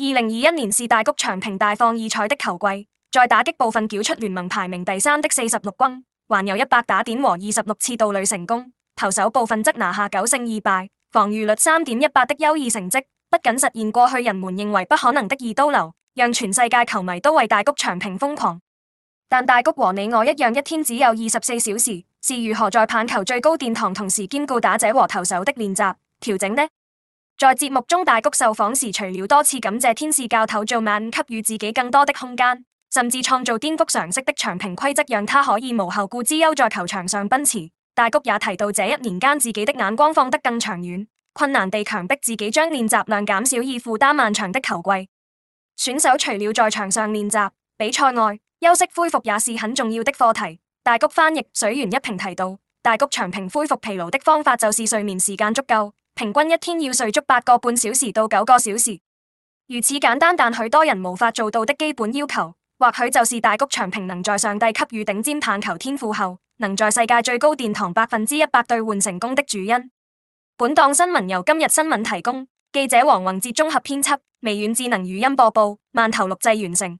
二零二一年是大谷翔平大放異彩的球季，在打擊部分繳出聯盟排名第三的四十六轟，還有一百打點和二十六次盜壘成功，投手部分則拿下九勝二敗，防禦率三點一八的優異成績，不僅實現過去人們認為不可能的二刀流，讓全世界球迷都為大谷翔平瘋狂。但大谷和你我一樣，一天只有二十四小時，是如何在棒球最高殿堂同時兼顧打者和投手的練習調整呢？在節目中，大谷受訪時，除了多次感謝天使教頭做晚恩給予自己更多的空間，甚至創造顛覆常識的翔平規則，讓他可以無後顧之憂在球場上奔馳。大谷也提到，這一年間自己的眼光放得更長遠，困難地強迫自己將練習量減少，以負擔漫長的球季。選手除了在場上練習比賽外，休息恢復也是很重要的課題。大谷翻譯水源一平提到，大谷翔平恢復疲勞的方法就是睡眠時間足夠。平均一天要睡足八個半小時到九個小時，如此簡單但許多人無法做到的基本要求，或許就是大谷翔平能在上帝給予頂尖棒球天賦後，能在世界最高殿堂百分之一百兌換成功的主因。本檔新聞由今日新聞提供，記者黃宏哲綜合編輯，微軟智能語音播報，慢頭錄製完成。